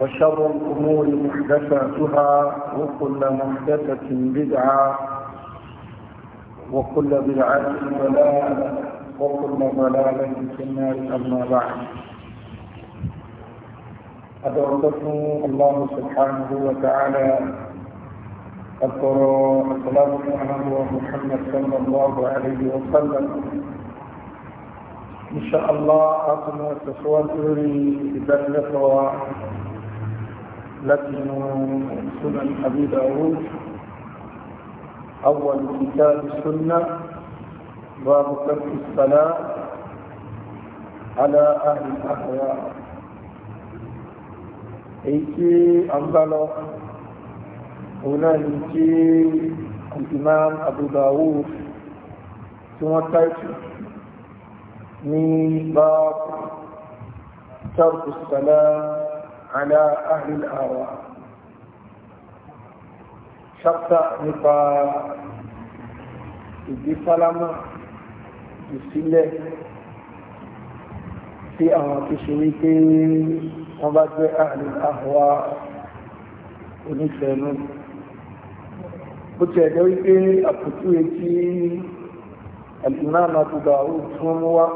وشر الأمور محدثاتها وكل محدثة بدعة وكل بدعة ضلالة وكل ضلالة في النار أما بعد أدعوكم الله سبحانه وتعالى أذكروا الصلاة على محمد صلى الله عليه وسلم إن شاء الله أقوم وتسوى إذا بذلك لكن سنن أبي داود أول كتاب السنة باب ترك الصلاة على أهل الأهواء èyí àmbálọ òun náà ní tí imam Abu Dawud tí wọ́n táìtù ní bá tàrkù sàlá على أهل الآراء ṣáptà nípa ìgbésálámà ìsílẹ̀ tí àwọn tó ṣe wípé wọ́n bá jẹ́ ààrẹ àwọ́ onífẹ̀ẹ́nú bó ti ẹ̀jẹ́ wípé àpótú etí alìmáàmà tó dáwó tí wọ́n mú wá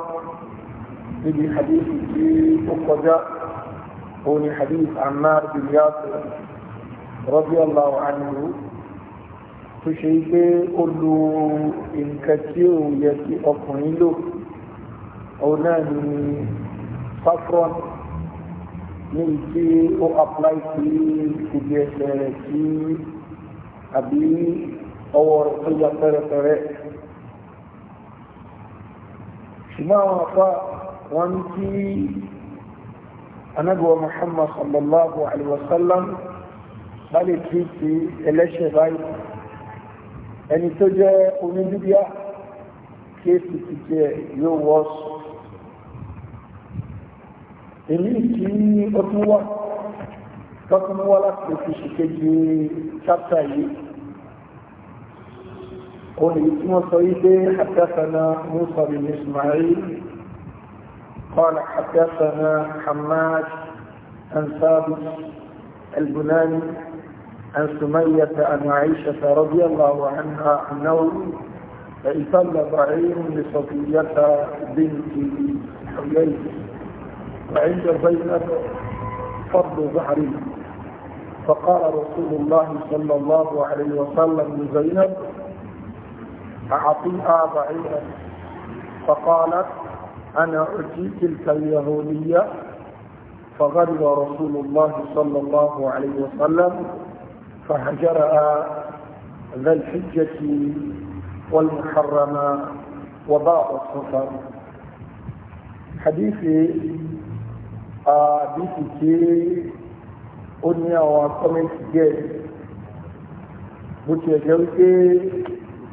níbi àdéhùn tí ó kọjá هون حديث عمار بن ياسر رضي الله عنه تشيكي كل إن كثير يتي أقنله أولاني صفرا ní tí ó apply sí ibi ẹsẹ̀ rẹ̀ sí àbí ọwọ́ rẹ̀ tó ya pẹ́rẹpẹ́rẹ́. ṣùgbọ́n àwọn afá wọn tí anábíwọ̀ muhammad sallallahu alaihi wasallam bá lè tí ti ẹlẹ́ṣẹ̀ báyìí ẹni tó jẹ́ onídúbíà kéèsì ti jẹ́ yóò wọ́sùn èmi kì í ó tún wá tọ́kùn wá láti fi ṣìkejì chapter yìí òun èyí tí wọ́n sọ yí pé àtẹ́fẹ́ náà mú ismail قال حدثنا حماد عن ثابت البناني عن سمية عن عائشة رضي الله عنها أنه فإصل بعير لصفية بنت حيي وعند زينب فضل ظهري فقال رسول الله صلى الله عليه وسلم لزينب أعطيها بعيرا فقالت أنا أتي تلك اليهودية فغضب رسول الله صلى الله عليه وسلم فهجرها ذا الحجة والمحرمة وبعض السفر حديثي حديثي أنيا وكومنت جيد بوتي جوتي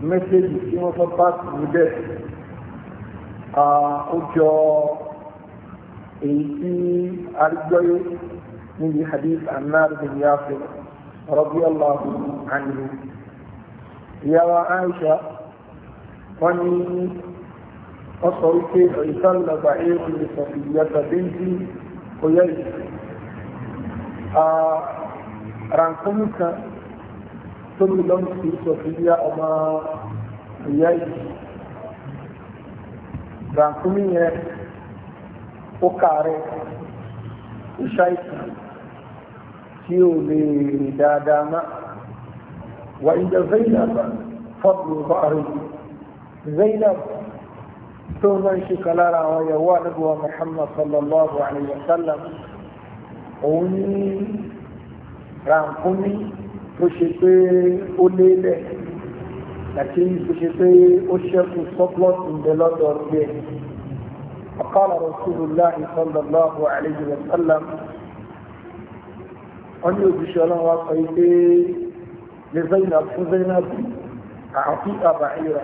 مسج في مصطفى بدأ ó jọ èyí tí arúgbóyé níbi hadith annar bin yasir radiyallahu anhu ìyàwó aisha wọ́n ní wọ́n sọ wípé ìsọ́lọ̀gbà èèkù ìsọ̀fìyàtọ̀ bíntì kò yẹ ìsìn rankunka tó lè lọ́nà ìsọ̀fìyà ọmọ ìyá ìsìn rànkúmí yẹn ó kàárẹ̀ ó ṣàìsàn tí ó lè rìn dáadáa má wà ìjà Zainab fọ́ọ̀bù báàrí Zainab tó ń rán ṣe kalára àwọn ìyàwó Muhammad sallallahu alayhi wa sallam òun ní rànkúmí tó ṣe pé àti tó ṣe pé ó ṣẹ́kù surplus ń رسول الله صلى الله عليه وسلم أن يبشر الله وصيته لزينب فزينب أعطيك بعيرا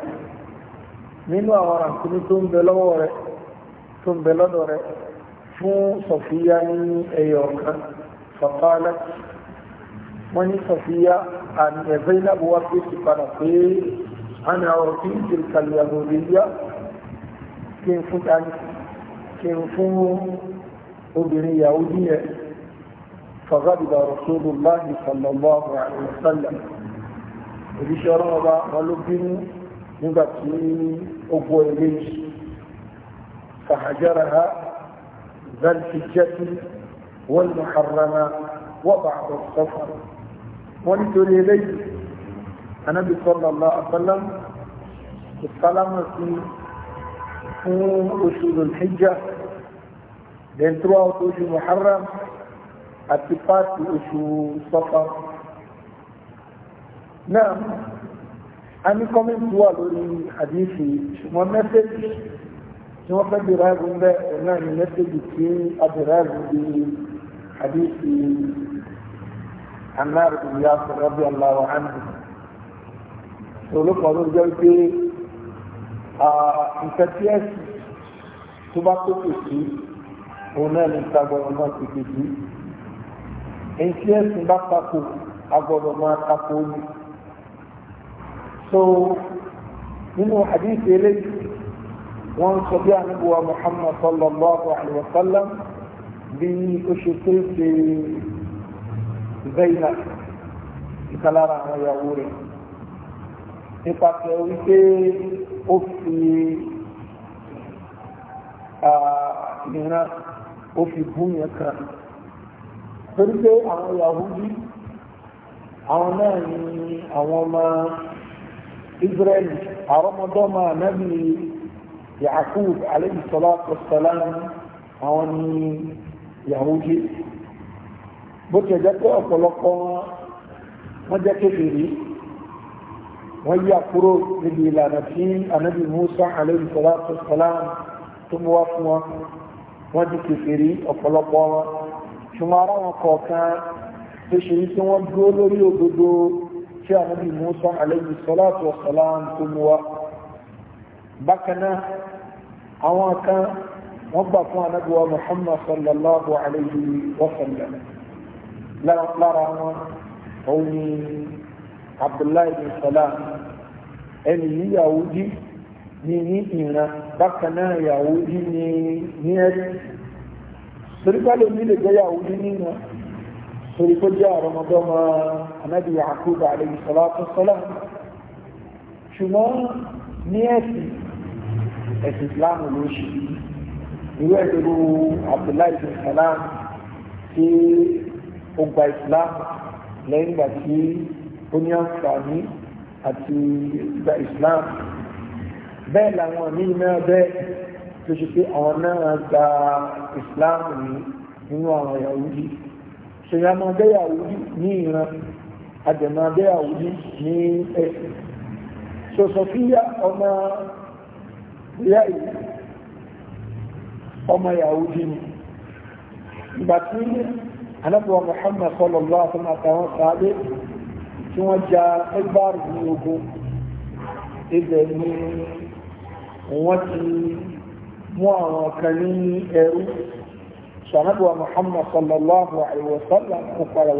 من وراء كنتم بلوره ثم بلوره فو صفيا أيوكا فقالت wọ́n ní sọ̀fíà àti Zainab wá fèsì padà pé àna ọ̀rọ̀ tí ń jèrè kàlẹ̀ àbòrìyá kí n fún tani kí n fún obìnrin Yahudi yẹn fàgádìbà Rasulullahi sallallahu alaihi wasallam òjíṣẹ́ ọlọ́run ọba wọn ló bínú nígbà tí ó gbọ́ ilé yìí فهجرها ذا الحجة والمحرمة وبعض السفر wọ́n nítorí eléyìí anábì sallallahu alaihi wasallam ìsálámà sí fún oṣù zulhijjá then throughout oṣù muharram àti pàtì oṣù safar náà a ní kọ́mẹ́ntì wà lórí àdíṣe ṣùgbọ́n mẹ́sẹ̀jì tí wọ́n fẹ́ dìráàbù ń bẹ́ẹ̀ náà ní mẹ́sẹ̀jì tí a bí àdíṣe anáàrù ìyá sọ̀rọ̀ bí aláwọ̀ ánì olùkọ́ ló jẹ́ pé nǹkan tí ẹ̀sìn tó bá tó kù sí òun náà ní ìta gbọ́dọ̀ náà ti kù sí èyí tí ẹ̀sìn bá takò agbọ́dọ̀ máa takò ó ní. so nínú hadith eléyìí wọ́n sọ bí àníbùwà Muhammad sallallahu alaihi wa sallam bí ó ṣe tó ṣe Zainab ìkalára àwọn ìyàwó rẹ̀ nípasẹ̀ wípé ó fi ìran ó fi gún yẹn kan torí pé àwọn Yahudi àwọn náà ni àwọn ọmọ Israẹli àrọ́mọdọ́mọ ànábì Yakub alayhi salatu wassalam àwọn ni Yahudi bó ti ẹ̀jẹ̀ pé ọ̀pọ̀lọpọ̀ wọn wọ́n jẹ́ kékeré wọ́n yí àkúrò níbi ìlànà tí anábì Musa alayhi salatu salam tó mú wá fún wọn wọ́n di kékeré ọ̀pọ̀lọpọ̀ wọn ṣùgbọ́n ara wọn kọ̀ọ̀kan tó ṣe yí tí wọ́n dúró lórí òdodo tí anábì Musa alayhi salatu salam tó mú wá bákan náà àwọn kan wọ́n gbà fún anábì wa Muhammad sallallahu alayhi wa sallam lára wọn òun ni abdullahi bin salam ẹni yìí yahudi ní ní ìran bákan náà yahudi ní ní ẹ̀rí sọ̀rọ̀kálẹ̀ mi lè jẹ́ yahudi nínú sọ̀rọ̀kọ́ jẹ́ àrọmọdọ́mọ anabi yakubu alayhi salatu salam ṣùgbọ́n ní ẹ̀sìn ẹ̀sìn islam ló ṣe irú ẹ̀dọ́rọ̀ abdullahi bin salam ti ó gba islam lẹ́yìn ìgbà tí ó ní àǹfààní àti gba islam bẹ́ẹ̀ làwọn míì náà bẹ́ẹ̀ tó ṣe pé àwọn náà gba islam ní nínú àwọn yahudi ṣèyá máa bẹ́ yahudi ní ìran àdèmà bẹ́ yahudi ní ẹ̀sìn sọ̀sọ̀fíyà ọmọ ìyá ìlú ọmọ yahudi ni ìgbà tí anábọ̀ Muhammad sallallahu alaihi wasallam àtàwọn sàábé tí wọ́n ja ẹgbàrú ní ogun ibẹ̀ ni wọ́n ti mú àwọn kan ní ẹrú sànábọ̀ Muhammad sallallahu alaihi wasallam kò padà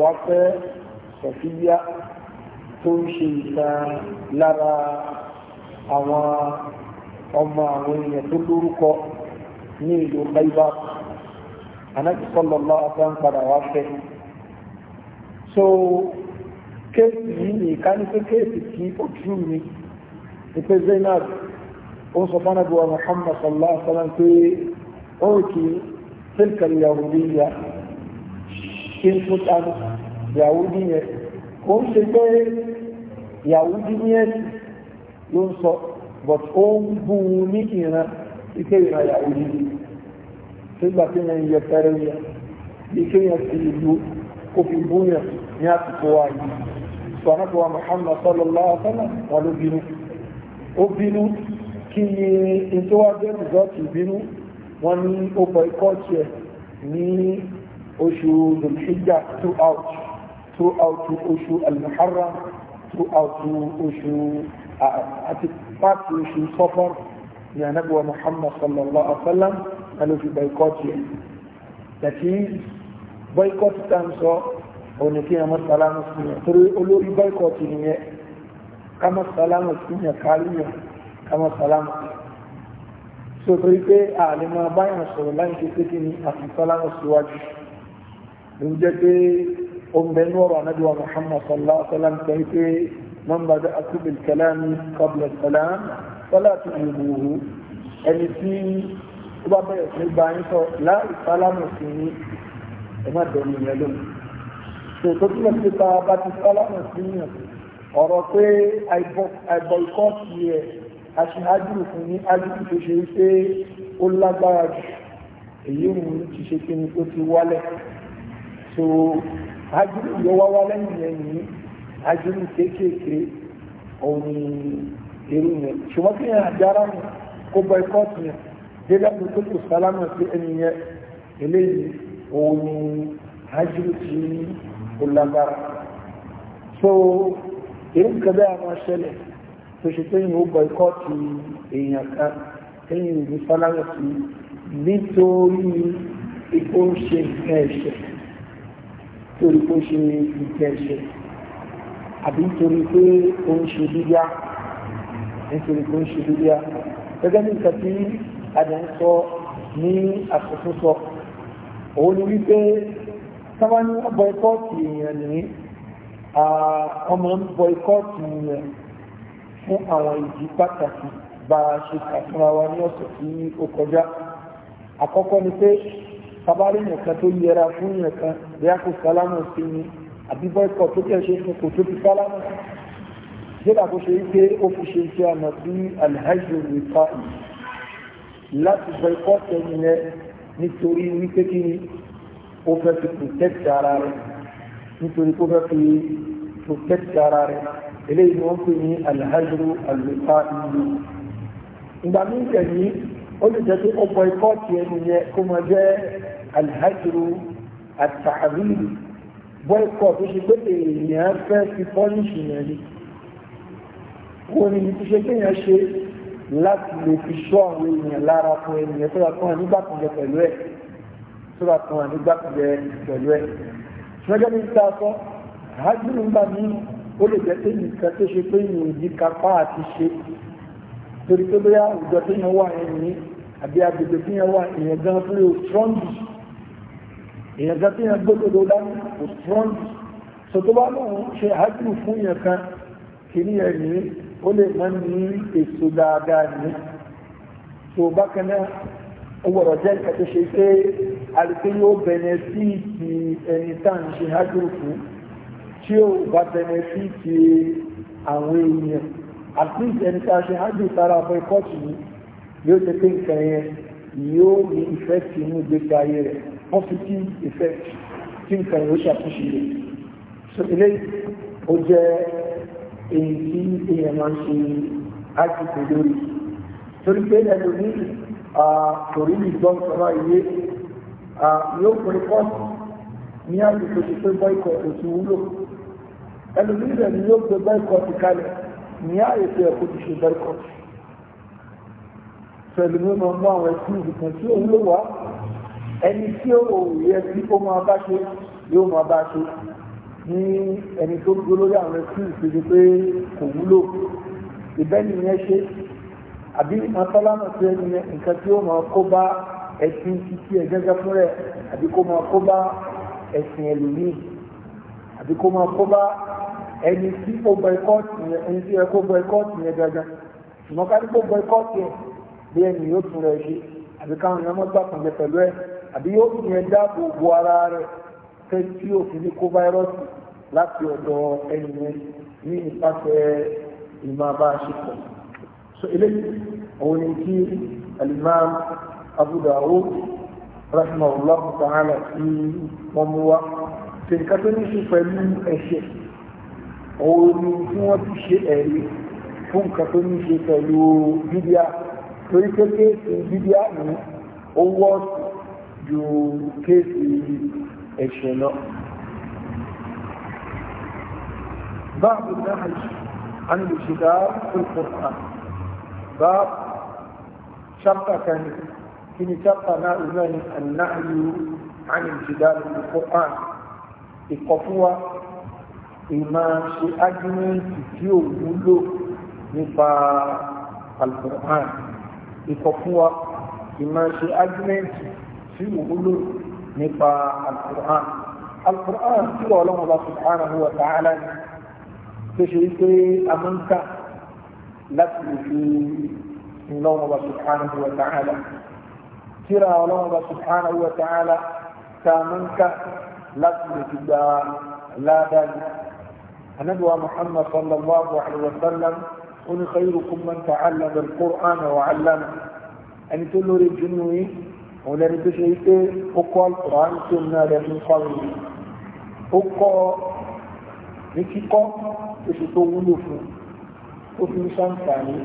àwọn ọmọ àwọn èèyàn tó lórúkọ ní ìlú Khaybar anábì sọlọ lọ ọgbà ń padà wá fẹ́ so kéèsì yìí ní ìkánípé kéèsì kí ojú mi ìpè Zainab ó sọ fún anábì wa Muhammad sọlọ sọlọ pé ó kì í tilka yahudiya kí n tún tán yahudi yẹn ń ṣe pé yahudi ló ń sọ but ó ń bú ní ìran ìpè ìran nígbà tí wọ́n yẹ fẹ́rẹ́ yẹ bí kéèyàn ti ìlú kó fi búyàn ní àsìkò wa yìí sọ̀rọ̀ wa Muhammad sallallahu alaihi wa sallam wà ló bínú ó bínú kí ni ìtọ́wájú rìsọ́ọ̀tì bínú wọ́n ní ó bọ̀ ikọ́ tiẹ̀ ní oṣù zulhijja throughout throughout oṣù al-muharram throughout oṣù àti pàtó oṣù sọ́fọ́r ní Muhammad sallallahu alaihi wa ló fi bọ́ikọ́tì ẹ̀ tàbí bọ́ikọ́tì tá ń sọ òní kí ẹmọ sálámù sí yẹn torí olórí bọ́ikọ́tì nìyẹn kámọ sálámù sí yẹn káríyàn kámọ sálámù so torí pé àlè máa báyàn sọ̀rọ̀ láì ṣe pé kí ni àfi sálámù síwájú ló jẹ́ pé oúnjẹ inú ọ̀rọ̀ anábíwá Muhammad sallallahu alaihi wa sallam sọ pé man bada'akum bil kalami qabla salam fala tujibuhu ẹni tó bá bẹ̀rẹ̀ sí gba yín sọ láì sálámù sí ní ẹ má dẹ̀nu yẹn lónìí tó tó túnbọ̀ sí pa bá ti sálámù sí yàn ọ̀rọ̀ pé àìbọ̀ìkọ́ sí ẹ̀ aṣáájú fún ní ájúkú tó ṣe pé ó lágbára jù èyí òun ti ṣe kí ni tó ti wálẹ̀ so ájúkú yóò wá wálẹ̀ nìyẹn ní ájúkú kéékèèké òun ni èrú yẹn ṣùgbọ́n kí yẹn àjára mi kó bọ̀ìkọ́ sí yẹn gẹ́gẹ́ bí tó kù sálámà sí ẹni yẹn eléyìí òun ni hajjúrù tí ó lágbára so èyí kẹbẹ́ àwọn ṣẹlẹ̀ tó ṣe pé yìí ó gbọ́ ikọ́ ti èèyàn kan ẹ̀yìn ìlú sálámà sí nítorí ipò ṣe nǹkan ẹ̀ṣẹ̀ torí pé ó ṣe nǹkan ẹ̀ṣẹ̀ àbí nítorí pé ó ń ṣe bíbíà nítorí pé ó ń ṣe bíbíà gẹ́gẹ́ bí nǹkan tí adẹ̀ ń sọ ní àkókò sọ òun ni wípé sábà ní bọ́ikọ́ọ̀tì èèyàn ní ọmọ ń bọ́ikọ́ọ̀tì èèyàn fún àwọn ìdí pàtàkì bá a ṣe kàfúnra wa ní ọ̀sẹ̀ tí ó kọjá àkọ́kọ́ ni pé sábàrí nìkan tó yẹra fún nìkan bí a kò sálámù sí ni àbí bọ́ikọ́ọ̀tì tó kẹ́ ṣe fún kò tó fi sálámù sí nígbà tó ṣe wípé ó fi ṣe iṣẹ́ àmọ̀ sí alhaji rìkọ́ọ̀tì láti sọ ikọ́ tẹ̀yìn rẹ nítorí wípé kí ni ó fẹ́ fi protect ara rẹ nítorí kó fẹ́ fi protect ara rẹ eléyìí ni wọ́n pè ní alhajru alufa ìlú ìgbà míì tẹ̀yìn ó lè jẹ́ pé ọ̀pọ̀ ikọ́ tiẹ̀ nìyẹn kó máa jẹ́ alhajru àtàrílù boycott ó ṣe pé èèyàn fẹ́ fi pọ́líṣì yẹn ni wọ́n ní ibi ṣe kéèyàn ṣe láti lè fi ṣọ́ àwọn ènìyàn lára fún ènìyàn tó bá tún wọn nígbà kan jẹ pẹ̀lú ẹ̀ tó bá tún wọn nígbà kan jẹ pẹ̀lú ẹ̀. ṣùgbọ́n ní ta sọ hajjúrú ńgbà ní ó lè jẹ́ pé nìkan tó ṣe pé ìyìn ìdí kápá àti ṣe torí pé bóyá àwùjọ tó yẹn wà yẹn ní àbí agbègbè tó yẹn wà èèyàn gan tó lè strong èèyàn gan tó yẹn gbódòdó dání kò sọ tó bá lóun ṣe hajjúrú fún yẹn kan kì ó lè mọ́ ní èso dáadáa ní tó bákan náà ó gbọ́dọ̀ jẹ́ nǹkan tó ṣe pé àrípé yóò bẹnẹfíìtì ẹni tá à ń ṣe hájú fún tí ó bá bẹnẹfíìtì àwọn èèyàn at least ẹni tá ṣe hájú sára ọmọ ikọ́ tì ní yóò ṣe pé nǹkan yẹn yóò ní ìfẹ́ tì inú ìgbésí ayé rẹ̀ wọ́n fi kí ìfẹ́ tí nǹkan yóò ṣàtúnṣe rẹ̀ èyí tí èèyàn máa ń ṣe ájìkò lórí torí pé ẹnu ní torí ìgbọ́n sọ́rọ̀ ìwé yóò pè kọ́ọ̀tù ní àsìkò tó pé bọ́ìkọ̀ òtù wúlò ẹnu ní ìrẹ̀ ni yóò pè bọ́ìkọ̀ ti kalẹ̀ ní àyètò ẹ̀kọ́ ti ṣe bọ́ìkọ̀ pẹ̀lú mímọ mú àwọn ẹ̀sìn ìbùkún tí òun ló wà ẹni tí ó yẹ kí ó máa bá ṣe yóò máa bá ṣe ní ẹni tó dúró lórí àwọn ẹkú pé kò wúlò ìbẹ́ni yẹn ṣe àbí mọ́tọ́lámọ̀ ẹni yẹn nǹkan tí ó kó bá ẹ̀sìn títí fún rẹ̀ àbí kó máa kó bá ẹni tí tí ẹ kó ṣùgbọ́n ká ní àbí káwọn mọ́ pé tí òfin ní kó fáírọ́ọ̀sì láti ọ̀dọ̀ ẹni yẹn ní ìpàṣẹ ìmọ̀-abáṣepọ̀. so eléyìí òun ni kí alimam Abu Dawud rahimahullah ta'ala tí wọ́n mú wá ṣe nǹkan tó ní ṣe pẹ̀lú ẹ̀ṣẹ̀ òun ni tí wọ́n ti ṣe ẹ̀rí fún nǹkan tó ní ṣe pẹ̀lú bíbíà torí pé bíbíà ní ó wọ́ọ̀sì ju kéèsì ẹ̀ṣẹ̀ lọ باب النهج عن الجدال في القرآن باب شرطة كان كني شرطة لا أمان النهي عن الجدال في القرآن القفوة ìmá ṣe ágímẹ́ǹtì tí ó wúlò nípa alkùnrán ìkọ̀fún wa ìmá ṣe ágímẹ́ǹtì tí ó wúlò nípa alukur'an alukur'an tí wọ́n lọ́wọ́ bá subhanahu wa ta'ala ni tó ṣe wípé a máa ń kà láti lè fi lọ́wọ́ bá subhanahu wa ta'ala tíra ọlọ́wọ́ bá subhanahu wa ta'ala tá a láti lè fi gba ládàá النبوة محمد صلى الله عليه وسلم أن خيركم من تعلم القرآن وعلمه أن تلور الجنوي òun lẹni tó ṣe wípé ó kọ́ ọ̀hán tó ń náà lẹ́nu kọ́ mi ó kọ́ ní kíkọ́ tó ṣe tó wúlò fún ó fi ń ṣàǹfààní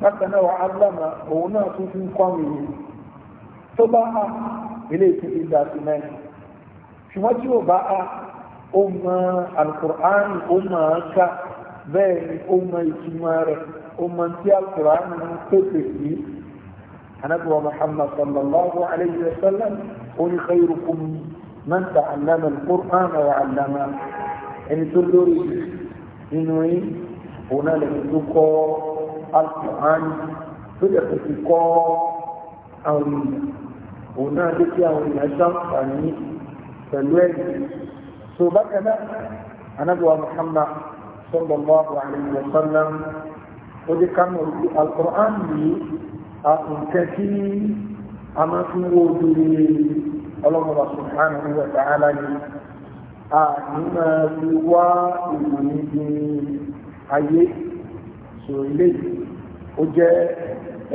bákan náà wà á lámà òun náà tún fi ń kọ́ mi yìí tó bá a ilé ìtìlẹ̀ ìgbà sí náà ṣùgbọ́n tí ò bá a ó mọ alukur'an ó mọ ká bẹ́ẹ̀ ni ó mọ ìtumọ̀ rẹ̀ ó mọ tí alukur'an ń pèpè yìí anabiwa muhammad sallallahu alayhi wa sallam ó ní khayrukum man ta'allama al-qur'an wa 'allama ẹni tó lórí nínú yìí òun náà lè tó kọ́ al-qur'an tó lè tó fi kọ́ àwọn ènìyàn òun náà lè fi àwọn ènìyàn ṣàǹfààní pẹ̀lú ẹ̀yìn tó bákan náà anabiwa muhammad sallallahu alayhi wa sallam ó ní ká mọ̀ al-qur'an yìí nǹkan tí a máa fi wo dúró ọlọ́mọba subhanahu wa ta'ala ni a ní máa fi wá ìlú níbi ayé sọ ilé ó jẹ́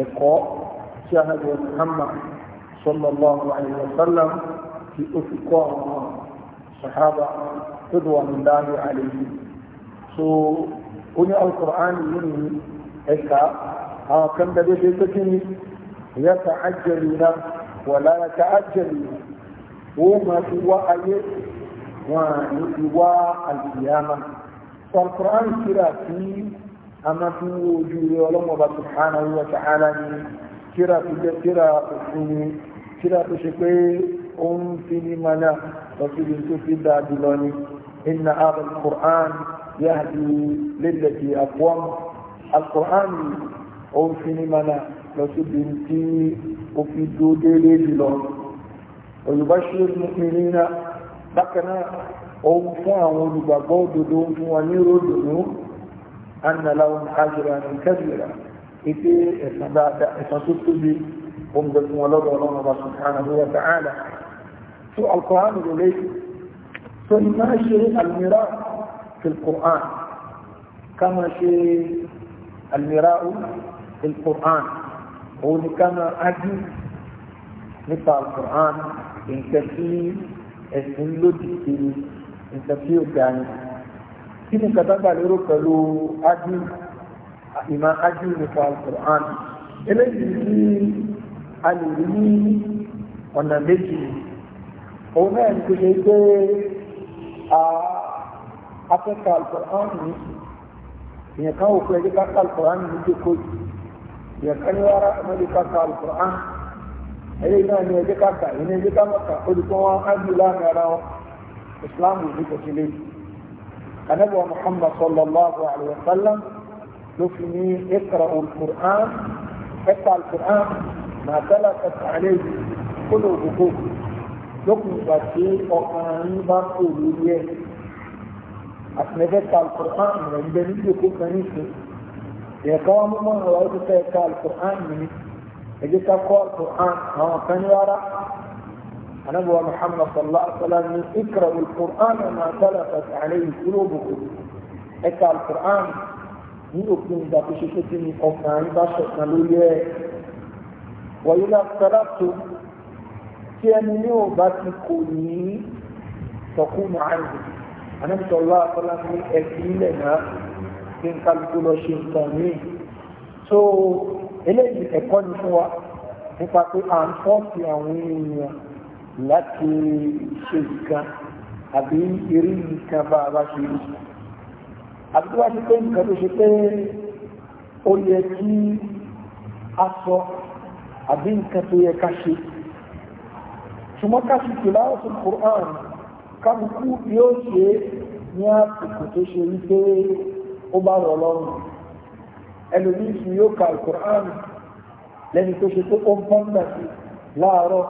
ẹ̀kọ́ tí a náà wọ Muhammad sallallahu alayhi àwọn kan bẹ̀rẹ̀ ṣe pé kí ni ìyá ta ájẹ̀lì náà wà lára ta ájẹ̀lì ó máa fi wá ayé wọn ní fi wá àlùyàmá sọ̀rọ̀kùnrin kíra sí a máa fi wo ojú rẹ subhanahu wa ta'ala ni kíra tó jẹ́ kíra òfin kíra tó ṣe pé ó ń fi ní mana lọ síbi tó fi dáa jùlọ ni إن هذا القرآن يهدي للتي أقوم القرآن ó ń fi ní mana lọ síbi tí ó fi dúró délé jùlọ òyìnbá ṣe mú ní náà bákan náà ó ń fún àwọn olùgbàgbọ́ òdodo ń fún wa ní ròdùnú annalawun ajira ní kẹbìrà ite ẹ̀sán dáadáa ẹ̀sán tó tóbi ó bẹ fún wọn lọ́dọ̀ ọlọ́run ọba subhanahu wa ta'ala tó alkọ́hánù lò lẹ́yìn tó ní máa ṣe almira fi alkọ́hán ká máa ṣe almira القرآن òun kama adu nípa alukur'an nǹkan tí ẹ̀sìn lòdì sí nǹkan tí ó ga ni kí ni kàtàkà lérò pẹ̀lú adu ìmọ̀ adu nípa alukur'an eléyìí tí a lè rí ní ọ̀nà méjì òun náà ní kò ṣe pé afẹ́ka alukur'an ni ìyẹn kan ò pé ẹjẹ́ ká ká ìyẹ̀kan ní wàrà ọmọdé káka alukur'an ẹ̀yẹ́ náà ní ẹ̀jẹ̀ káka ìní ẹ̀jẹ̀ káka olùkọ́ wọn á bí láàrin ara wọn islam ò ní kò sí lé anabi wa muhammad sallallahu alayhi wa sallam ló fi ní ikra alukur'an ẹ̀ka alukur'an màá tẹ́lá kẹta àlẹ́ yìí kó lè lókun ìgbà tí ọkàn yín bá kó lórí ẹ̀ àtìlẹ́fẹ́ ta alukur'an rẹ̀ ń bẹ níbi ìkó kan ní ìsìn ẹ̀ka wọn mọ́ àwọn ọdún fẹ́ ka alukur'an nìyí ẹ̀jẹ̀ ká kọ́ alukur'an àwọn kan ní wàrà anabuwa muhammad sallallahu alaihi wa sallam ní ikra alukur'an ma tala fasa alayhi kulubukum ẹ̀ka alukur'an ní òpin ìgbà tó ṣe kékeré ní ọkàn yín bá ṣọ̀kan lórí ẹ̀ wàyí la sara tó tí ẹni ní ò ti kò ní sọkún mọ́ àrùn anabi sallallahu alaihi wa sallam ní ẹ̀sìn ilẹ̀ náà kí n kálukú lọ ṣe nǹkan míì so eléyìí ẹ̀kọ́ ni fún wa nípa pé à ń fọ́ọ̀sì àwọn èèyàn láti ṣe nǹkan àbí eré nǹkan bá a bá ṣe rí àbí tó bá ṣe pé nǹkan tó ṣe pé ó yẹ kí a sọ àbí nǹkan tó yẹ ká ṣe ṣùgbọ́n ká ṣe tilawatul Qur'an kálukú yóò ṣe ní àsìkò tó ṣe wípé ó bá rọ̀ lọ́rùn ẹlòmíì sì yóò ka alukur'an lẹ́ni tó ṣe tó ó ń pọ́n náà sí láàárọ̀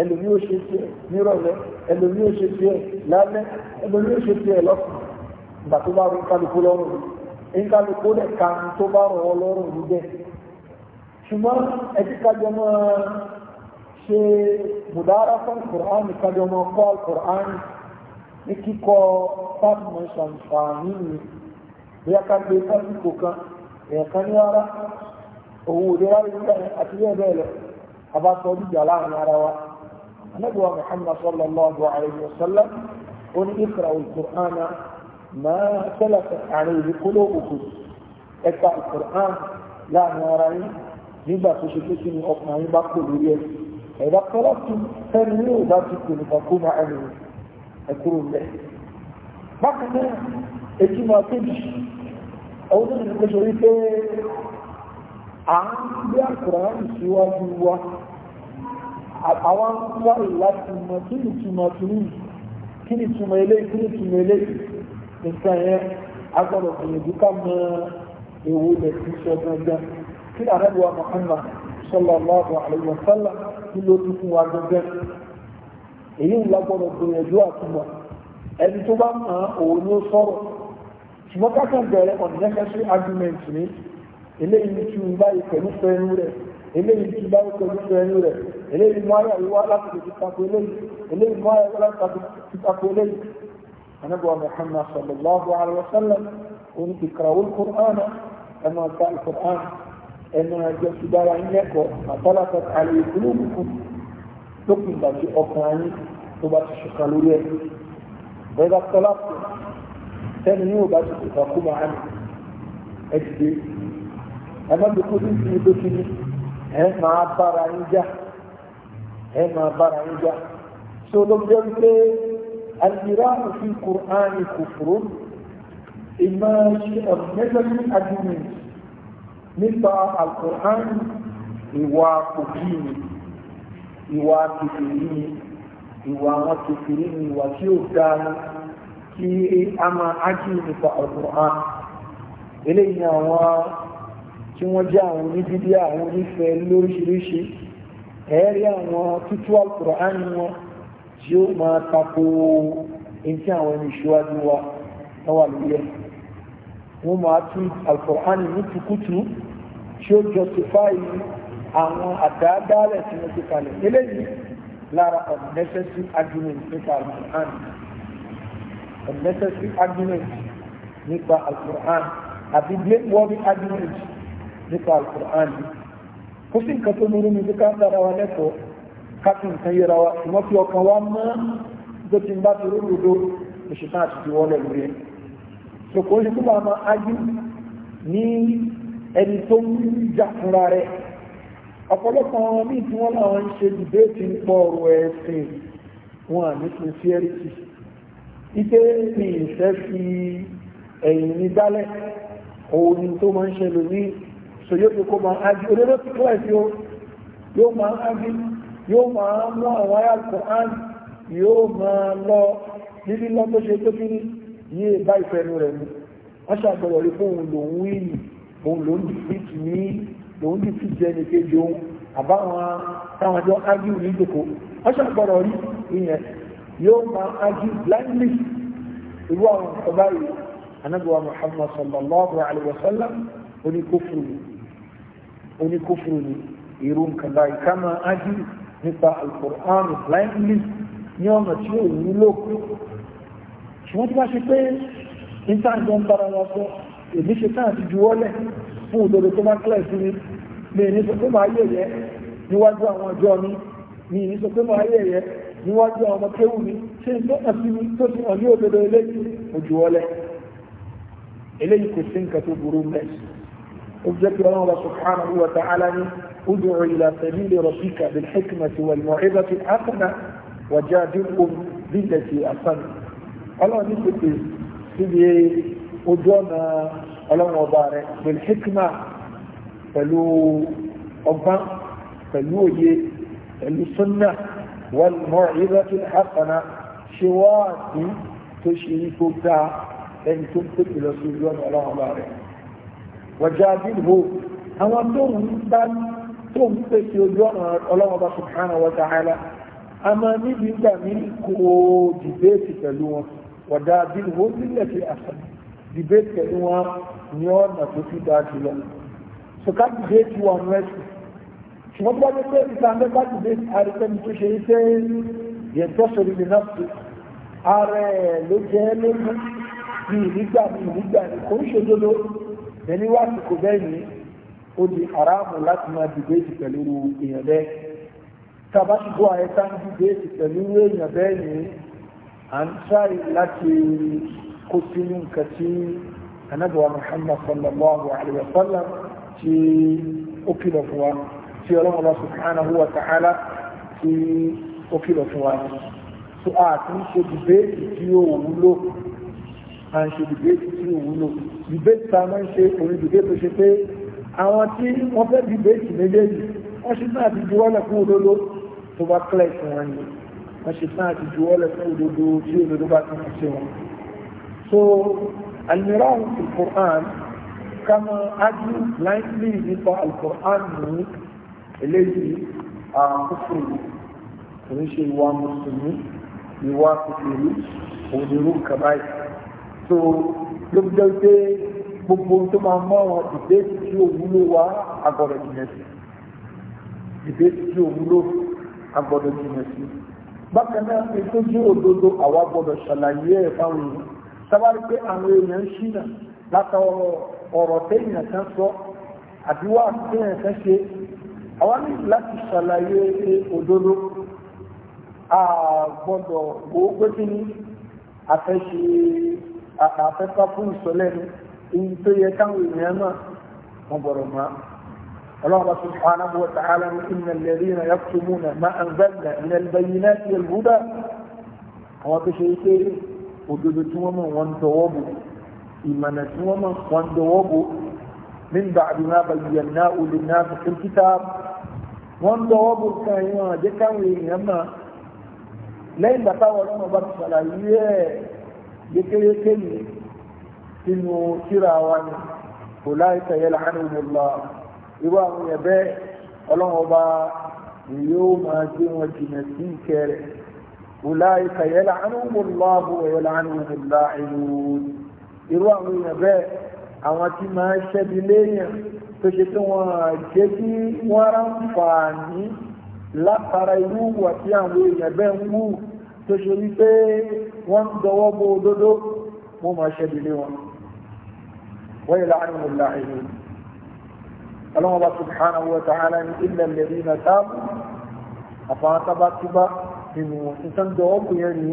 ẹlòmíì ó ṣe tiẹ̀ nírọ̀lẹ́ ẹlòmíì ó ṣe tiẹ̀ lálẹ́ ẹlòmíì ó ṣe tiẹ̀ lọ́sùn ìgbà tó bá rún kálukú lọ́rùn ìkálukú dẹ̀ kan tó bá rọ̀ ọ́ lọ́rùn níbẹ̀ ṣùgbọ́n ẹtí kájọ máa ṣe mùdára fún alukur'an kájọ máa kọ́ alukur'an ní kíkọ́ fáwọn ṣàǹfààní nìyí bóyá ká gbé sásìkò kan èèyàn kan ní rárá òun ò lè rárí nígbà yẹn àti bẹ́ẹ̀ bẹ́ẹ̀ lọ àbá sọ dídà láàrin ara wa ànábì wa muhammad sallallahu alayhi wa sallam ó ní ikra al-qur'an máa sẹlẹsẹ àárín ìlú kóló òkú ẹka al-qur'an láàrin ara yín nígbà tó ṣe kékeré ní ọkùnrin yín bá kó lórí ẹ ẹ̀dá kọ́lá tún fẹ́ni ní òbá ti kò nípa kó máa ẹnu ìtumọ̀ kejì ọwọ́ tó ti kọjọ wípé à ń gbé àkùránì síwájú wa àwọn wá láti mọ̀ kí ni túmọ̀ kìíní kí ni túmọ̀ eléyìí kí ni túmọ̀ eléyìí nìkan yẹn agbọ́dọ̀ gbìyànjú ká mọ ewu rẹ̀ ti sọ gangan kí ni àrẹ́bùwà Muhammad sallallahu alaihi wa sallam kí ló tún fún wa gangan èyí ń lágbọ́dọ̀ gbìyànjú àtúmọ̀ ẹni tó bá mọ̀ òun ló sọ̀rọ̀ ṣùgbọ́n ká kàn bẹ̀rẹ̀ unnecessary argument ni eléyìí tí ń báyìí pẹ̀lú fẹ́ẹ́nu rẹ̀ eléyìí tí ń báyìí pẹ̀lú fẹ́ẹ́nu rẹ̀ eléyìí mú ayọ̀ wá láti lè fi tako eléyìí eléyìí mú ayọ̀ wá láti fi tako eléyìí. anábọ̀ Muhammad sallallahu alayhi wa sallam oní ìkàràwọ̀ Qur'an ẹnu ọ̀tá Qur'an ẹnu ẹjọ́ ti dára nílẹ̀kọ̀ àtàlàkà àlè ìkúlùkù lókùn ìgbà tí ọkàn yín tó bá ti ṣùkà lórí ẹ̀ bẹ́ẹ̀ bá tọ́lá fún sẹ́ni ní òbá ti kùkà kú ẹ ẹ ẹ so pé nípa ìwà ìwà ìwà àwọn ni. kí a máa ájú nípa Al-Qur'an eléyìí ni àwọn tí wọ́n jẹ́ àwọn onídídí àwọn onífẹ̀ẹ́ lóríṣiríṣi ẹ̀ẹ́rí àwọn tútú Al-Qur'an wọn tí ó máa tako ẹni àwọn ẹni ìṣíwájú wa náwà lórí ẹ̀ wọ́n máa tún Al-Qur'an ní tukutu tí ó justify àwọn àdáadáa tí wọ́n ti kalẹ̀ eléyìí lára unnecessary argument nípa Al-Qur'an unnecessary argument nípa alukur'an àbí blameworthy argument nípa alukur'an kó sì nǹkan tó lórí mi ká dára wa lẹ́kọ̀ọ́ ká sì nǹkan yẹra wa ìwọ́n fi ọkàn wa mọ́ bó ti ń bá ti rúrú do òṣìṣẹ́ àti ìwọlẹ̀ lórí ẹ̀ sòkò ó ṣe kó máa máa ájú ní ẹni tó ń jà fúnra rẹ̀ ọ̀pọ̀lọpọ̀ àwọn míì tí wọ́n láwọn ń ṣe dìbéètì ń pọ̀ ọ̀rọ̀ ẹ̀sìn wọn à ní sincerity ike ní ìfẹ́ fi ẹ̀yìn ní dálẹ̀ òun ni tó máa ń ṣe lórí so yóò fi kó máa ájú olóró ti kọ́ ẹ̀sí o yóò máa ájú yóò máa mú àwọn ayàtọ̀ ájú yóò máa lọ nílí lọ tó ṣe tó kiri yí bá ìfẹ́nu rẹ̀ mú wọ́n ṣàgbọ̀rọ̀ rí fóun lòun wíìnì òun lòun dìfìtì ní lòun dìfìtì ẹnì kejì òun àbáwọn táwọn jọ ájú ní ìdòkó yóò máa ájú blindly irú àwọn nǹkan báyìí anábíwá muhammad sallallahu alaihi wa sallam oníkófuru ni oníkófuru ni irú nǹkan báyìí ká máa ájú nípa alukur'an blindly ní ọ̀nà tí ó wúlò ṣùgbọ́n tí wọ́n ṣe pé ìtàjọ ń bára wọn sọ èmi ṣe tán àti juwọ́lẹ̀ fún òdodo tó bá kílẹ̀ sí mi ní sọ pé máa yẹ̀yẹ́ níwájú àwọn ọjọ́ mi mi ní sọ pé máa yẹ̀yẹ́ níwájú ọmọ kéwù ní ṣe ń tọ́ka sí mi tó ti hàn ní òdodo eléyìí ojú ọlẹ eléyìí kò sí nǹkan tó burú mẹ́ ó jẹ́ pé ọlọ́run wa subhanahu wa ta'ala ní ud'u ila sabili rabbika bil hikmati wal mau'izati al hasana wajadilhum billati ahsan ọlọ́run ní pèpè síbi ojú ọ̀nà ọlọ́run ọba rẹ̀ bil hikma pẹ̀lú ọgbọ́n pẹ̀lú òye pẹ̀lú sunnah والموعظة الحسنة شواتي تشركك أن كنت إلى سجون الله عليه وجادله أما تنفق تنفق سجون الله سبحانه وتعالى أما نبي من كو دبيت كلوة وجادله بالتي أحسن دبيت كلوة نيون ما تفيدها كلوة سكان دبيت وانوسك ṣùgbọ́n bá ní pé ìtàndé bá ti dé àríkẹ́ni tó ṣe iṣẹ́ yẹ̀ntọ́sọ̀rọ̀ ìlú náà tó ààrẹ ló jẹ́ lógún ní ìlúgbà ní ìlúgbà ní kò ń ṣe dodo ẹni wá sí kò bẹ́ẹ̀ ní ó di aráàmù láti máa dìbéètì pẹ̀lú èèyàn bẹ́ẹ̀ tàbá ti bó ààrẹ tá ń dìbéètì pẹ̀lú èèyàn bẹ́ẹ̀ ní à ń tráì láti kó sínú nǹkan tí anábọ̀wá Muhammad sallallahu alaihi wa sallam ti ó kìlọ̀ fún wa tí ọlọ́run lọ subhanahu wa ta'ala tí ó kìlọ̀ fún wa so a ti ń ṣe dìbéètì tí ó wúlò à ń ṣe dìbéètì tí ó wúlò dìbéètì tá a máa ń ṣe orí dìbéètì tó ṣe pé àwọn tí wọ́n fẹ́ dìbéètì méjèèjì wọ́n ṣe náà ti juwọ́lẹ̀ fún òdodo tó bá clear fún wọn ni wọ́n ṣe náà ti juwọ́lẹ̀ fún òdodo tí òdodo bá ti ṣe wọn so almirahun fi Qur'an kama adu blindly nípa al-Qur'an eléyìí àkókòrò kò ní ṣe ìwà mùsùlùmí ìwà kòkòrò onírú kàbáyì tó ló fi jẹ́ pé gbogbo tó máa mọ́ àwọn ìbéèrè tí òwúlò wá agbọ́dọ̀ jìnà sí ìbéèrè tí òwúlò agbọ́dọ̀ jìnà sí bákan náà pé tó jẹ́ òdodo àwa gbọ́dọ̀ ṣàlàyé ẹ̀ fáwọn èèyàn sábàrí pé àwọn èèyàn ń ṣìnà látọ̀ ọ̀rọ̀ tẹ́yìn kan sọ àbí wà tẹ́yìn kan ṣe àwọn ní láti ṣàlàyé pé òdodo àgbọ́dọ̀ gbogbo tí ní àfẹ́ṣe àfẹ́fà fún ìsọlẹ́nu èyí tó yẹ káwọn ènìyàn náà wọ́n gbọ́dọ̀ máa الله سبحانه وتعالى إن الذين يكتمون ما أنزلنا من البينات والهدى هو بشيء وجدتهم وانتوبوا إيمانتهم وانتوبوا من بعد ما بيناه للناس في الكتاب wọ́n ń dọwọ́ bò kan yìí wọn àjẹ́ káwọn èèyàn mọ̀ lẹ́yìn bàtà wọn lọ́nà bá ti ṣàlàyé ẹ̀ yékéyéké yìí sínú síra wa ni kò láì tẹ̀yẹ lánàá ìmọ̀lá irú àwọn yẹn bẹ́ẹ̀ ọlọ́run ọba yóò máa gbé wọn jìnnà sí ìkẹrẹ kò láì tẹ̀yẹ lánàá ìmọ̀lá bò wẹ̀ lánàá ìmọ̀lá irú àwọn yẹn bẹ́ẹ̀ àwọn tí máa ń ṣẹ́bi léèyàn tó ṣe tí wọ́n jẹ́ kí wọ́n ráǹfààní látara irú wà tí àwọn èèyàn bẹ́ẹ̀ ń wù tó ṣe wípé wọ́n ń dọwọ́ bó òdodo wọ́n máa ṣẹ́ ìdílé wọn wọ́n yìí láàrin ìlà ìlú ọlọ́wọ́n bá subhanahu wa ta'ala ní illa alladhina tabu àfahàn tábà túbá nínú wọn nǹkan dọwọ́ kò yẹn ni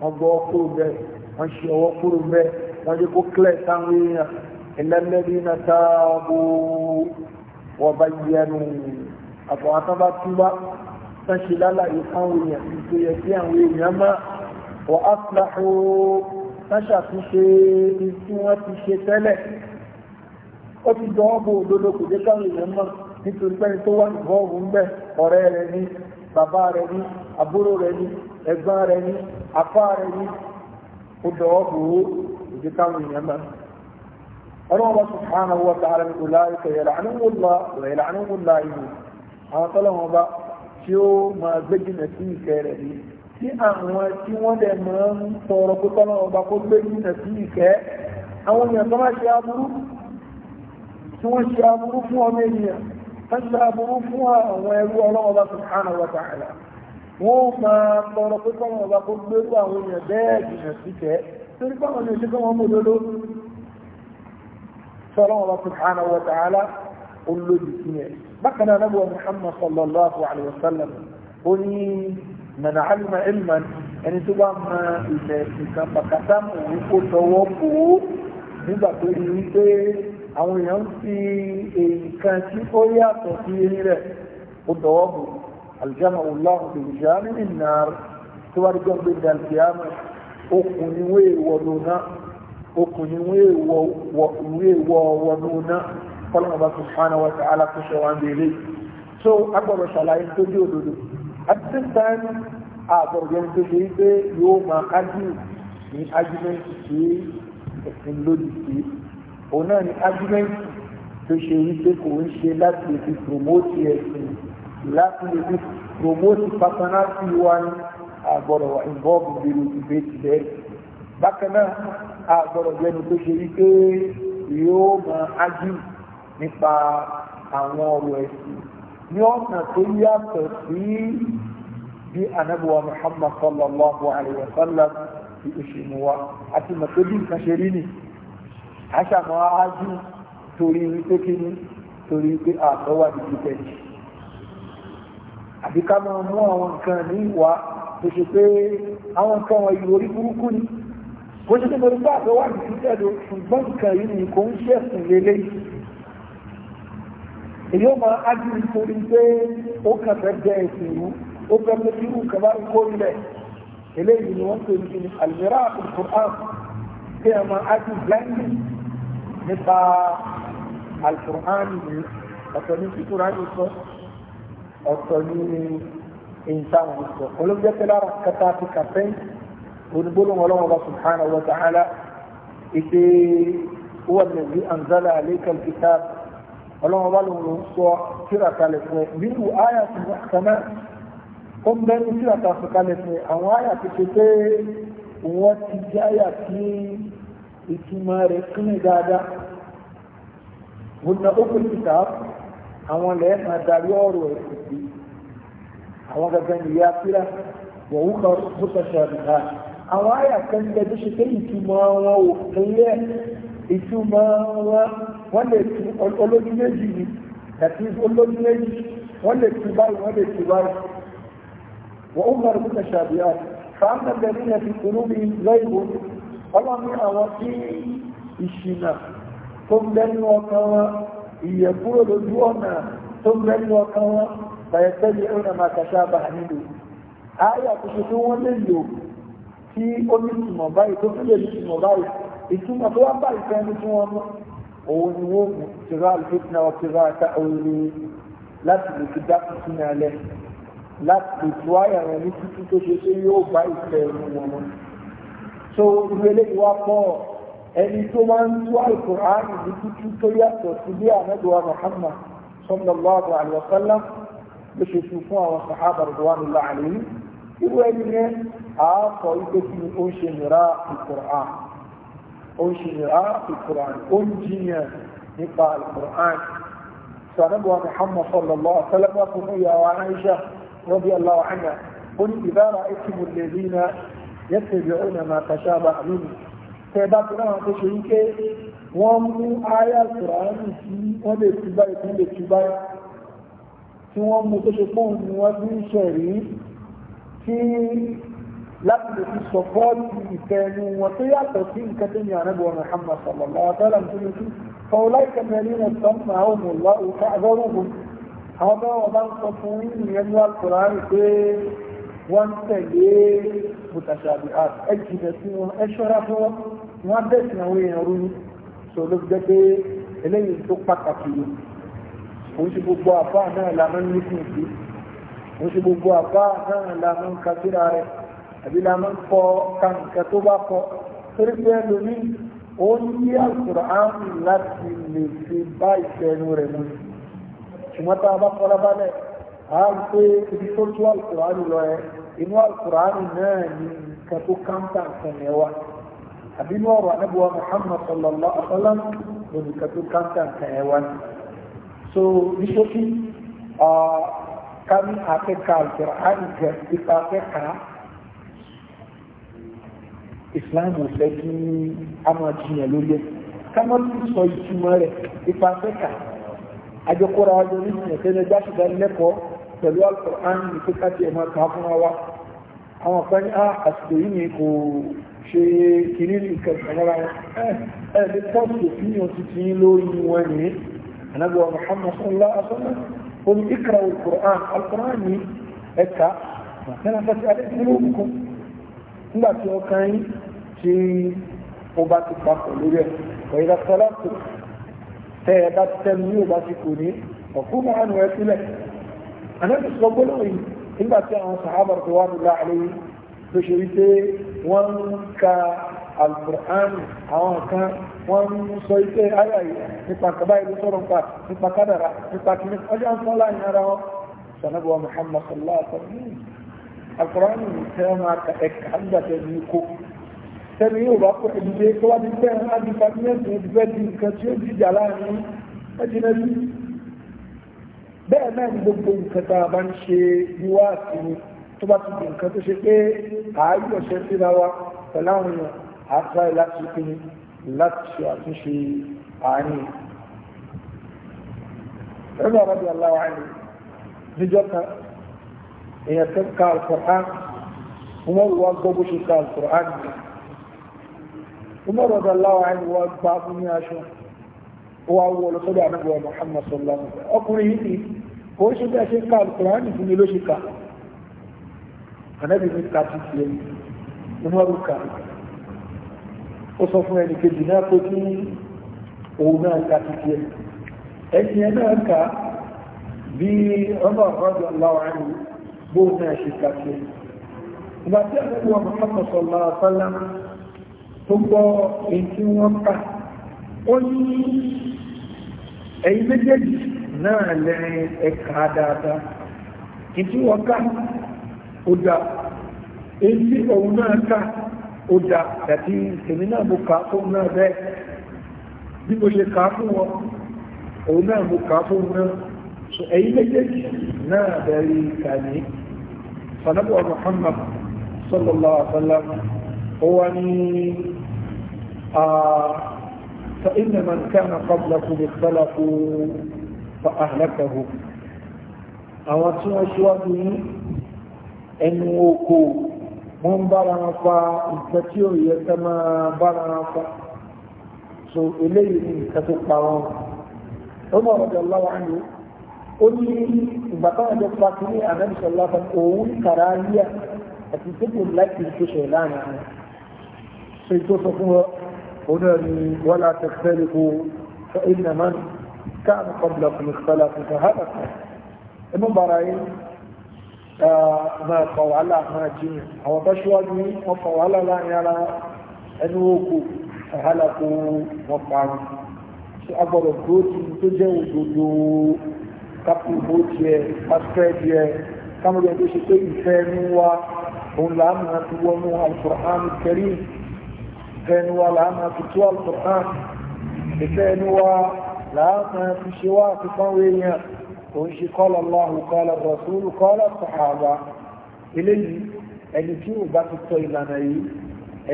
wọ́n gbọ́ kúrò bẹ́ẹ̀ wọ́n ṣe ọwọ́ kúrò bẹ́ẹ̀ wọ́n jẹ́ kó kílẹ̀ sáwọn èèyàn إلا الذين تابوا وبينوا أطعتبا تبا تشلال إخوانيا إنتيتيا ويما وأصلحوا تشاكشي إنتواتي شتلك ó ti jọ ọ́ bó òdodo kò jẹ́ káwọn èèyàn mọ̀ nítorí pẹ́ni tó wà ìbọ́ọ̀bù ń bẹ̀ ọ̀rẹ́ rẹ̀ ní bàbá rẹ̀ ní àbúrò rẹ̀ ní ẹ̀gbọ́n rẹ̀ ní apá rẹ̀ ní ó jọ ọ́ bó òdodo káwọn ọlọ́wọ́ subhanahu wa ta'ala ní ọláìkà yẹ̀lànúwòlá ìlú àwọn tọ́lọ́wọ́n bá tí ó máa gbé jìnà sí ìkẹ́ rẹ̀ ní tí àwọn tí wọ́n dẹ̀ máa ń tọrọ pé tọ́lọ́wọ́n bá kó gbé jìnà sí ìkẹ́ àwọn èèyàn tó máa ṣe aburú tí wọ́n ṣe aburú fún ọmọ ènìyàn wọ́n ṣe aburú fún àwọn ẹrú ọlọ́wọ́n bá subhanahu wa ta'ala wọ́n máa tọrọ pé tọ́lọ́wọ́n bá kó gbé àwọn èèyàn bẹ́ẹ̀ jìnà sí ìkẹ́ torí pé àwọn èèyàn ṣe kọ́ wọn mú òdodo sọ́lọ́wọ́ bá subhanahu wa ta'ala olójú sí ẹ̀ bákan náà nàbọ̀ muhammad sallallahu alayhi wa sallam ó ní mọ̀nà alima ilman ẹni tó bá mọ ilẹ̀ ìkan bàkátà mọ̀ wípé tọwọ́ bò ó nígbà tó rí wípé àwọn èèyàn fi nǹkan tí ó yàtọ̀ sí eré rẹ̀ ó tọwọ́ bò aljama allah bèjá nínú ìnáàrú tó wá rí gbọ́ngbé dàlùkìyàmù okùn ni wéèwọ̀ lónà okùn ni wọ́n èèwọ̀ wọnú náà kọ́lọ́mọba subhanahu wa ta'ala kó ṣe wá bèèrè so agbọ̀rọ̀ ṣàlàyé tó dé òdodo at the same time àgbọ̀rọ̀ yẹn tó ṣe pé yóò máa ájú ní argument sí ẹ̀sìn lòdì sí òun náà ní argument tó ṣe wípé kò ń ṣe láti lè fi promote ẹ̀sìn láti promote paternal fi wá ní àgbọ̀rọ̀ involve in the debate bẹ́ẹ̀ bákan náà a gbọ́dọ̀ jẹ́nu tó ṣe wípé yóò mọ ájú nípa àwọn ọ̀rọ̀ ẹ̀sìn ní ọ̀nà tó yàtọ̀ sí bí anábùwà Muhammad sallallahu alayhi wa sallam ti òṣèlú wa àti mọ̀tòbí nǹkan ṣe rí ni àṣàmọ́ ájú torí wípé kí ni torí wípé àtọ́wà ní ti tẹ̀lé àbíká máa mú àwọn nǹkan ní ìwà tó ṣe pé àwọn nǹkan wọ̀nyí orí burúkú ni kò ṣe tí mo rí pàtó wà ní títẹ́lò ṣùgbọ́n nǹkan yìí ni kò ń ṣe ẹ̀sùn lélẹ̀ èyí ó máa ájú nítorí pé ó kàn fẹ́ jẹ ẹ̀sìn ìlú ó fẹ́ pé kí nǹkan bá ń kó ilẹ̀ eléyìí ni wọ́n pè ní àlùmírà alukur'an kí ẹ máa ájú blindly nípa alukur'an ni ọ̀tọ̀ ní kíkúrá ní sọ ọ̀tọ̀ ní ìyìntàn ní sọ olóńgbẹ́tẹ́ kẹta àti kàfẹ́yìn. ونقول الله سبحانه وتعالى إتي هو الذي أنزل عليك الكتاب ولما ظلوا الصور كرة ثالثة منه آية محكمات قم بين كرة ثالثة أو آية كتاب وتجاية ìtumọ̀ kíni dáadáa gbogbo okùn títà àwọn ilẹ̀ máa darí ọ̀rọ̀ ẹ̀sìn sí àwọn gẹ́gẹ́ ní ìyá àwọn àyà kan ń bẹ tó ṣe pé ìtumọ̀ wọn ò kéré ìtumọ̀ wọn wọ́n lè tu olójú méjì ni àti olójú méjì wọ́n lè tu báyìí wọ́n lè tu báyìí wọ́n ó mọ̀rọ̀ kúta ṣàbíyà fàámà bẹ̀rẹ̀ ní ẹ̀fí kúrú mi lẹ́yìnbó ọlọ́ni àwọn tí ìṣìnà tó ń bẹ́nu ọkàn wọn ìyẹ̀kúrò lójú ọ̀nà tó ń bẹ́nu ọkàn wọn fàyẹ̀fẹ́ tí ó ní ìtumọ̀ báyìí tó tún lè ní ìtumọ̀ báyìí ìtumọ̀ tó wá báyìí fẹ́ ní tí wọ́n mú òun ni wọ́n mú tìrá àlùfẹ́tìnà ọ̀tìrá àta òru láti lè fi dá tuntun ní alẹ́ láti lè tu àyà rẹ̀ ní títí tó ṣe pé yóò bá ìfẹ́ ẹnu wọn mú. so ìwé eléyìí wá pọ̀ ẹni tó máa ń tú àlùkùránì ní títí tó yàtọ̀ sí bí àmẹ́dùwà Muhammad sallallahu a sọ wípé kí ni ó ń ṣe nira fi kur'an ó ń nira al-Qur'an ó ń jiyàn nípa al-Qur'an Muhammad sallallahu alaihi wa sallam wa fún ìyàwó Aisha radiyallahu anha ó ní ìdára ìtumù lèzínà يتبعون ما تشابه منه فبعد ما تشريك ومن آية القرآن في ولد كباية ولد láti lè fi sọ̀pọ́ọ̀tì ìfẹ́ ẹnu wọn tó yàtọ̀ sí nǹkan tó ní àrẹ́bọ̀ Muhammad sallallahu alaihi wa sallam tó ní kí فأولئك الذين سمعهم الله فأعذرهم هذا وضع صفوين ينوى القرآن وانتهي متشابهات أجهدتهم أشرفهم وانتهي وينرون سولوك دبي إليه تقفى قتيل وشي بوبوا أفا أنا لا من نسنسي وشي بوبوا أفا أنا لا من كثير عارف àbí la máa ń kọ kàǹkà tó bá kọ torí pé ẹlòmí ó ń yí àkùránì láti lè fi bá ìfẹ́nu rẹ̀ mu ṣùgbọ́n tá a bá kọ́lá balẹ̀ a ń pé ibi tó tú àkùránì lọ ẹ inú àkùránì náà ni nǹkan tó káńtà nǹkan yẹn wá àbí inú ọ̀rọ̀ anábùwà Muhammad sallallahu alaihi wa sallam ló ní nǹkan tó káńtà nǹkan yẹn wá so ní ṣókí ká ní akẹ́kọ̀ọ́ àkùránì jẹ́ ipa akẹ́kọ̀ọ́ islam ò fẹ́ kí a máa jiyàn lórí ẹ̀ ká má tún sọ ìtumọ̀ rẹ̀ ipa fẹ́ka àjọkọ́ra wájú ní ìsìn ẹ̀sẹ̀ ẹgbẹ́ àṣìṣe lẹ́kọ̀ọ́ pẹ̀lú alukur'an ní pípa tí ẹ̀ máa kà á fún wa àwọn kan ní ah, àsìkò yìí ni kò ṣe kiri ní ìkẹsàn lára wọn ẹ ẹ ní pọ́ọ̀sì òfìyàn títí lórí wọn ní anábíwá muhammad sallallahu alaihi wa sallam ó ní ikra alukur'an alukur'an ní ẹ̀ka màtẹ́nà fẹ́sẹ̀ alẹ́ ìlú òkú nígbà tí ọkàn yìí tí ó bá ti papọ̀ lórí ẹ̀ ọ̀yẹ́dà sọ́lá tó tẹ́ ẹ bá ti tẹ́lu ní ó bá ti kò ní ọ̀kú máa nù ẹ sílẹ̀ anábì sọ gbọ́dọ̀ yìí nígbà tí àwọn sàhábà tó wà nílá àlẹ́ tó ṣe wípé wọ́n ń ka alukur'an àwọn kan wọ́n ń sọ wípé ayà yìí nípa kaba ìlú sọ̀rọ̀ nípa nípa kádàrà nípa kìnnì ọjọ́ ń sọ́lá yìí ara wọn sanabuwa muhammad sallallahu alaihi wa sallam alukur'an yìí tẹ́ máa ka ẹ̀ka ń dàbẹ̀ ní kókó tẹ́lú yóò bá pọ̀ ìdílé tó wá ti fẹ́ láti fàmílẹ́sì ní ìfẹ́ di nǹkan tí ó dìjà láàrin ẹjìnẹ́lú bẹ́ẹ̀ náà ni gbogbo nǹkan tá a bá ń ṣe bí wá sí tó bá ti di nǹkan tó ṣe pé ààyè ọ̀ṣẹ́ síra wa pẹ̀lú àwọn èèyàn àtúrà láti pinnu láti ṣe àtúnṣe àárín ẹgbẹ́ ọ̀rọ̀dì aláwọ̀ àìní níjọ́ kan èèyàn tó ń ka alkùrán wọ́n wá gbọ́ bó ṣe ka alkùrán nìyẹn umar radallahu anhu wa gba fún ní aṣọ wa wọ lọ sọ́dọ̀ àdúgbò muhammad sallallahu alaihi wasallam ọkùnrin yìí ni kò ṣe bí a ṣe ka alukurani fún mi ló ṣe ka anabi mi ka ti tiẹ̀ umar ka ó sọ fún ẹnì kejì náà pé kí òun náà ka ti tiẹ̀ ẹni ẹ náà ka bí umar radallahu anhu bóun náà ṣe ka tiẹ̀ ìgbà tí a lè wọ muhammad sallallahu alaihi tó gbọ́ ètí wọ́n ká ó ní ẹ̀yìn méjèèjì náà dáadáa ètí wọ́n ka ó dá ètí òun náà ká ó dá mo fún bí ṣe wọn naa mo so ẹ̀yìn méjèèjì náà bẹ̀rẹ̀ ní sanabu wa Muhammad sallallahu فإن من كان قبلكم اختلفوا فأهلكهم àwọn tí wọ́n ṣíwájú ní ẹnu oko wọ́n bára wọn fa nǹkan tí ó yẹ ká máa bára wọn fa so eléyìí ní nǹkan tó pa wọn ó mọ̀ ọ̀dọ̀ láwọn àyè ó ní ìgbà táwọn jọ pa kí ní àdáṣe láfa òun kàrá yíyà àti tó kò láìpẹ́ tó ṣẹlẹ̀ láàrin àwọn so ètò sọ fún wọn هنا ولا تختلفوا فإن من كان قبلكم اختلفوا فهلكوا inú bara yìí máa fa wàhálà máa jiyàn àwọn tó ṣíwájú wọn fa wàhálà láàrin ara ẹnu òkú wàhálà kó wọn parí ṣe agbọ́dọ̀ tó ti tó jẹ́ òdodo kápù bó tiẹ̀ pásítẹ́ẹ̀dì ẹ̀ kámọ́dé tó ṣe pé ìfẹ́ ẹnu wa òun làá máa fi wọnú Al-Qur'an Karim ìfẹ́ ẹnu wa làá máa fi tú Al-Qur'an ìfẹ́ ẹnu wa làá máa fi ṣe wá àti fáwọn èèyàn kò ń ṣe qala Allahu qala Rasul qala Sahaba eléyìí ẹni tí ò bá ti tọ ìlànà yìí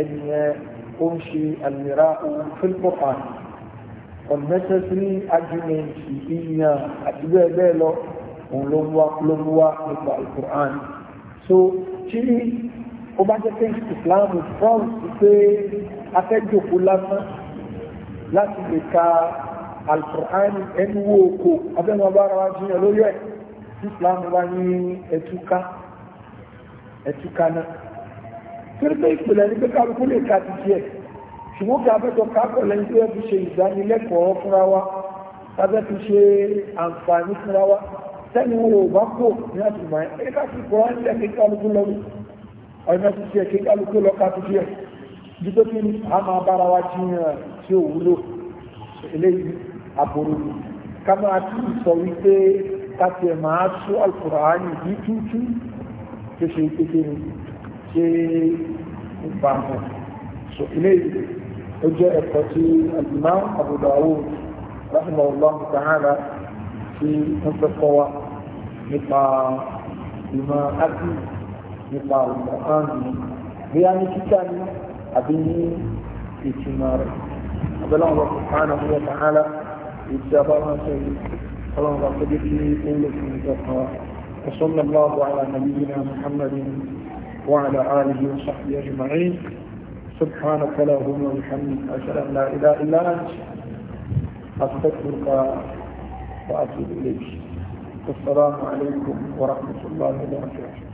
ẹni yẹn ó ń ṣe àmìrà òun fil unnecessary argument ìyàn àti bẹ́ẹ̀ bẹ́ẹ̀ lọ òun ló ń wá nípa al ó bá jẹ́ pé islam fọ́ọ̀mù sí pé afẹ́jòkó lásán láti lè ka alukur'an ẹnu wo oko abẹ́nu ọba ara wa jiyàn lórí ẹ̀ islam wa ní ẹtúká ẹtúká náà torí pé ìpìlẹ̀ ní pé kálukú lè ka ti tiẹ̀ ṣùgbọ́n kí abẹ́jọ kápọ̀ lẹ́yìn tó yẹ fi ṣe ìdánilẹ́kọ̀ọ́ fúnra wa tábẹ́ fi ṣe àǹfààní fúnra wa sẹ́ni wo ò bá kò ní àtùmọ̀ ẹ̀ ẹ̀ ká fi kọ́ ẹ̀ ń lẹ́kẹ̀ẹ́ ọ̀nà ti tiẹ̀ kí kálukú lọ́ka ti tiẹ̀ dípò kí a máa bára wa jiyàn tí ó wúlò eléyìí àbòrò ni ká máa tí ì sọ wípé ká tiẹ̀ máa tú alukùránì ní tútú tó ṣe kékeré ṣe ìbámu so eléyìí ó jẹ́ ẹ̀kọ́ tí al-Imam Abu Dawud rahimahullah ta'ala tí wọ́n fẹ́ kọ́ wa nípa ìmọ̀ ádùn يقال القرآن بيان الكتاب أبيني في تمار أبلغ الله سبحانه وتعالى يتجابر شيء صلى الله عليه وسلم وصلى الله على نبينا محمد وعلى آله وصحبه أجمعين سبحانك اللهم وبحمدك أشهد أن لا إله إلا أنت أستغفرك وأتوب إليك السلام عليكم ورحمة الله وبركاته